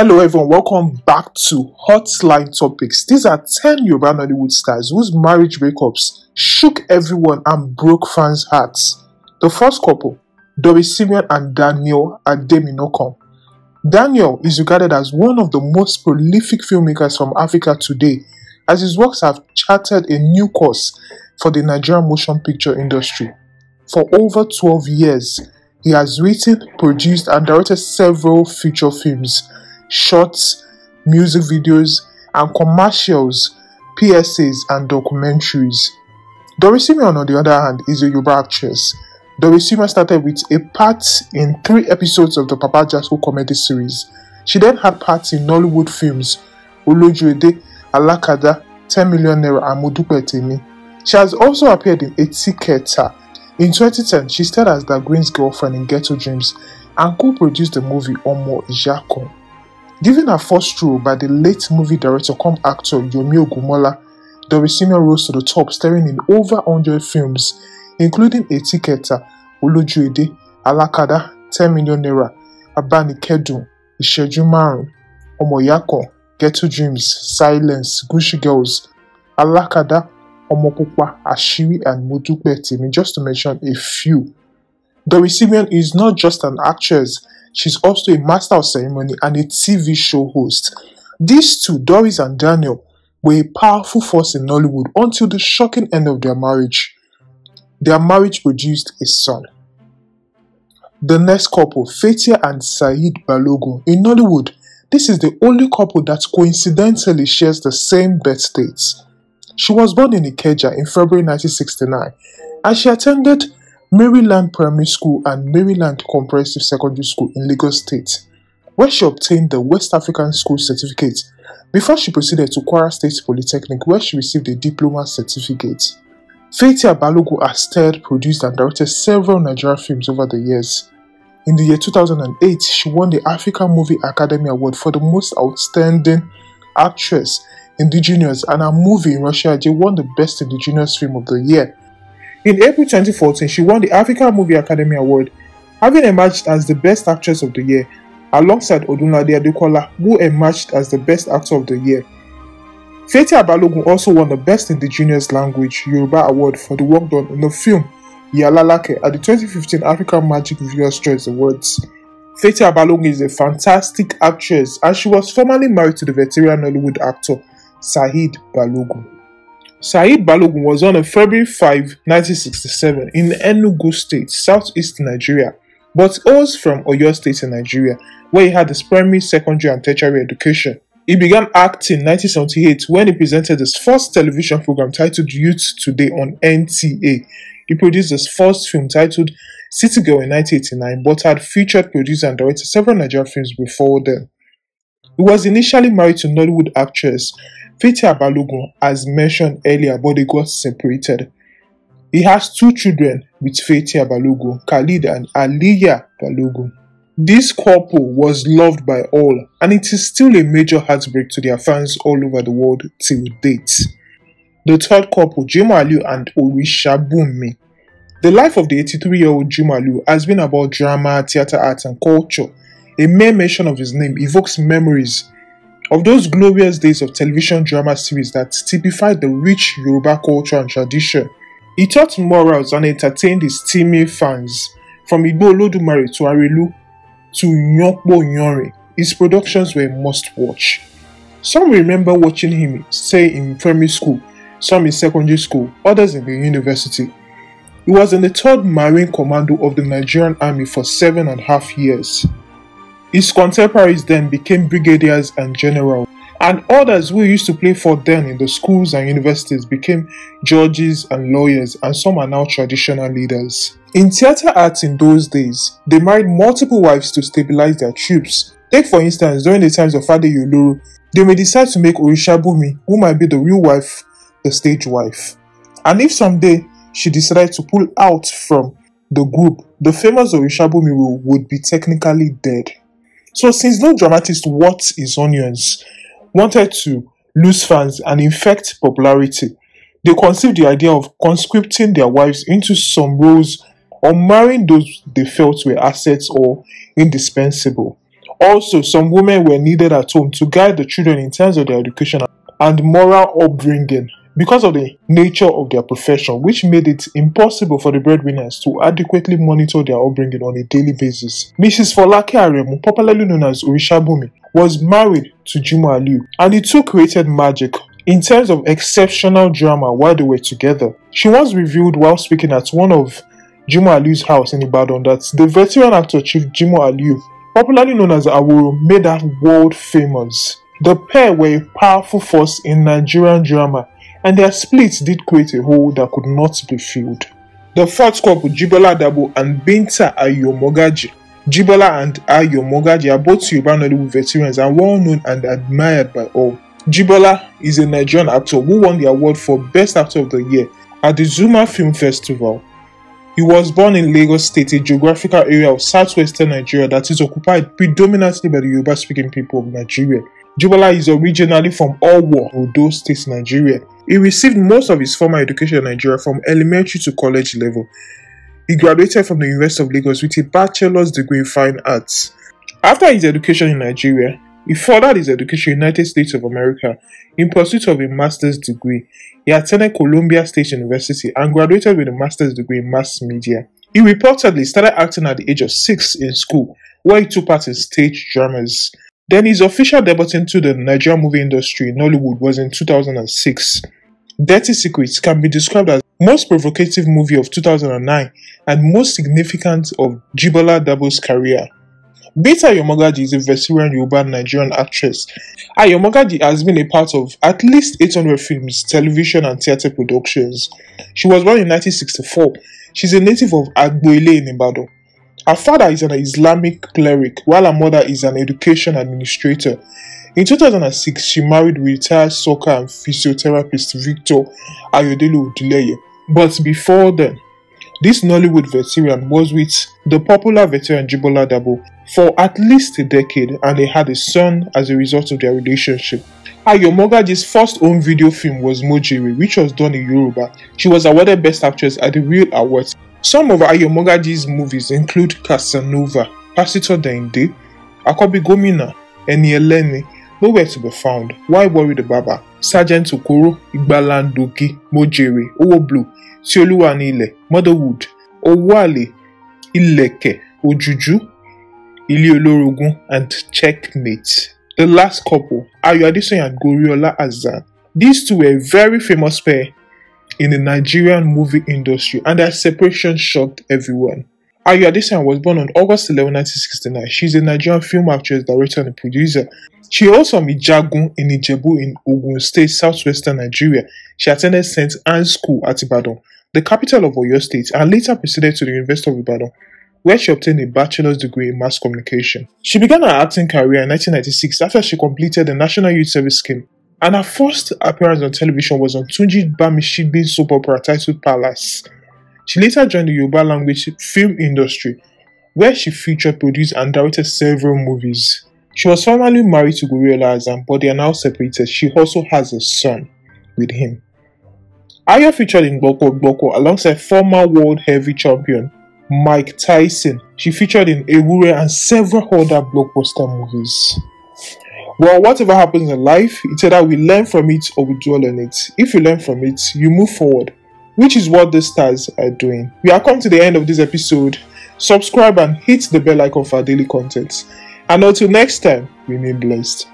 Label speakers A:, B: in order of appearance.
A: Hello everyone, welcome back to Hotline Topics. These are 10 Yoruba Nollywood stars whose marriage breakups shook everyone and broke fans' hearts. The first couple, Doris Simeon and Daniel Ademinokon. Daniel is regarded as one of the most prolific filmmakers from Africa today, as his works have charted a new course for the Nigerian motion picture industry. For over 12 years, he has written, produced, and directed several feature films shorts, music videos, and commercials, PSAs, and documentaries. Dorisimion, on the other hand, is a Yoruba actress. Dorisimion started with a part in three episodes of the Papa Jasko comedy series. She then had parts in Nollywood films Olojuede, Alakada, 10 Million Naira, and Modupe Temi. She has also appeared in Etiketa. In 2010, she starred as the Green's girlfriend in Ghetto Dreams and co-produced the movie Omo Ijako. Given her first role by the late movie director cum actor Yomi Doris Dorisina rose to the top, starring in over 100 films, including Etiqueta, Olojuede, Alakada, 10 Million Naira, Abani Ìṣẹ́jú Ọmọ̀yàkọ̀, Ghetto Dreams, Silence, Gushi Girls, Alakada, Omopupa, Ashiri, and Modupe Timi, just to mention a few. Doris Simeon is not just an actress, She's also a master of ceremony and a TV show host. These two, Doris and Daniel, were a powerful force in Nollywood until the shocking end of their marriage. Their marriage produced a son. The next couple, Fetia and Saeed Balogun, in Nollywood, this is the only couple that coincidentally shares the same birth dates. She was born in Ikeja in February 1969 and she attended Maryland Primary School and Maryland Comprehensive Secondary School in Lagos State, where she obtained the West African School Certificate before she proceeded to Kwara State Polytechnic where she received a Diploma Certificate. Faithia Balogu has starred, produced and directed several Nigerian films over the years. In the year 2008, she won the African Movie Academy Award for the Most Outstanding Actress Indigenous and her movie in Russia won the Best Indigenous Film of the Year in April 2014, she won the Africa Movie Academy Award, having emerged as the Best Actress of the Year, alongside Odunlade Adekola, who emerged as the Best Actor of the Year. Fete Abalogun also won the Best Indigenous Language Yoruba Award for the work done in the film Yalalake at the 2015 African Magic Viewers' Choice Awards. Fete Abalogun is a fantastic actress and she was formerly married to the veteran Hollywood actor Saheed Balogun. Saeed Balogun was born on February 5, 1967 in Enugu State, southeast Nigeria, but was from Oyo State in Nigeria, where he had his primary, secondary and tertiary education. He began acting in 1978 when he presented his first television program titled Youth Today on NTA. He produced his first film titled City Girl in 1989 but had featured, produced and directed several Nigerian films before then. He was initially married to Nollywood actress Fetia Balogun, as mentioned earlier, but they got separated. He has two children with Fetia Balogun, Khalid and Aliyah Balogun. This couple was loved by all, and it is still a major heartbreak to their fans all over the world till date. The third couple, Jumalu and Orishabumi. The life of the 83 year old Jumalu has been about drama, theatre, art, and culture. A mere mention of his name evokes memories of those glorious days of television drama series that typified the rich Yoruba culture and tradition, he taught morals and entertained his steamy fans. From Igbo Olodumare to Arelu to Nyokbo Nyori, his productions were must watch. Some remember watching him, say, in primary school, some in secondary school, others in the university. He was in the 3rd Marine Commando of the Nigerian Army for seven and a half years. His contemporaries then became brigadiers and generals, and others who used to play for then in the schools and universities became judges and lawyers, and some are now traditional leaders. In theatre arts in those days, they married multiple wives to stabilize their troops. Take for instance, during the times of Ade Yuluru, they may decide to make Orishabumi, who might be the real wife, the stage wife. And if someday she decided to pull out from the group, the famous Orishabumi would be technically dead. So since no dramatist What Is Onions wanted to lose fans and infect popularity, they conceived the idea of conscripting their wives into some roles or marrying those they felt were assets or indispensable. Also, some women were needed at home to guide the children in terms of their education and moral upbringing because of the nature of their profession, which made it impossible for the breadwinners to adequately monitor their upbringing on a daily basis. Mrs. Folake Aremu, popularly known as Orishabumi, was married to Jumo Aliu, and the two created magic in terms of exceptional drama while they were together. She was revealed while speaking at one of Jumo Aliu's house in Ibadan that the veteran actor Chief Jumo Aliu, popularly known as Aworo, made her world famous. The pair were a powerful force in Nigerian drama and their split did create a hole that could not be filled. The fourth couple, Jibola Dabo and Binta Ayomogaji. Jibola and Ayomogaji are both Yoruba Nollywood veterans and well known and admired by all. Jibola is a Nigerian actor who won the award for Best Actor of the Year at the Zuma Film Festival. He was born in Lagos State, a geographical area of southwestern Nigeria that is occupied predominantly by the Yoruba speaking people of Nigeria. Jibola is originally from Owo, Odo State, Nigeria. He received most of his formal education in Nigeria from elementary to college level. He graduated from the University of Lagos with a bachelor's degree in fine arts. After his education in Nigeria, he furthered his education in the United States of America in pursuit of a master's degree. He attended Columbia State University and graduated with a master's degree in mass media. He reportedly started acting at the age of six in school, where he took part in stage dramas his official debut into the Nigerian movie industry in Hollywood was in 2006. Dirty Secrets can be described as most provocative movie of 2009 and most significant of Jibola Dabo's career. Beta Yomogadi is a versatile Yoruba Nigerian actress. Ayomogaji has been a part of at least 800 films, television, and theatre productions. She was born in 1964. She's a native of Agboile in Ibadan. Her father is an Islamic cleric, while her mother is an education administrator. In 2006, she married retired soccer and physiotherapist Victor Ayodele Odileye. But before then, this Nollywood veteran was with the popular veteran Jibola Dabo for at least a decade and they had a son as a result of their relationship. Ayomogaji's first home video film was Mojiri, which was done in Yoruba. She was awarded Best Actress at the Real Awards some of Ayomogaji's movies include Casanova, Pasito Dende, Akobi Gomina, Eni Eleni, Nowhere to be Found, Why Worry the Baba, Sergeant Okoro, Igbalandogi, Mojere, Owo Blue, Tioluwanile, Motherwood, Owale, Ileke, Ojuju, Ili Olorogun, and Checkmate. The last couple, Ayo and Goriola Azan. These two were very famous pair in the Nigerian movie industry, and that separation shocked everyone. Ayu Adesan was born on August 11, 1969. She's a Nigerian film actress, director, and producer. She also met Ijagun in Ijebu in Ogun State, southwestern Nigeria. She attended St. Anne's School at Ibadan, the capital of Oyo State, and later proceeded to the University of Ibadan, where she obtained a bachelor's degree in mass communication. She began her acting career in 1996 after she completed the National Youth Service Scheme and her first appearance on television was on Tunji Bamishibin's soap opera titled Palace. She later joined the Yoruba language film industry, where she featured, produced, and directed several movies. She was formerly married to Gorilla Azam, but they are now separated. She also has a son with him. Aya featured in Boko Boko alongside former world heavy champion Mike Tyson. She featured in Ewure and several other blockbuster movies. But whatever happens in life, it's either we learn from it or we dwell on it. If you learn from it, you move forward, which is what the stars are doing. We are come to the end of this episode. Subscribe and hit the bell icon for daily content. And until next time, remain blessed.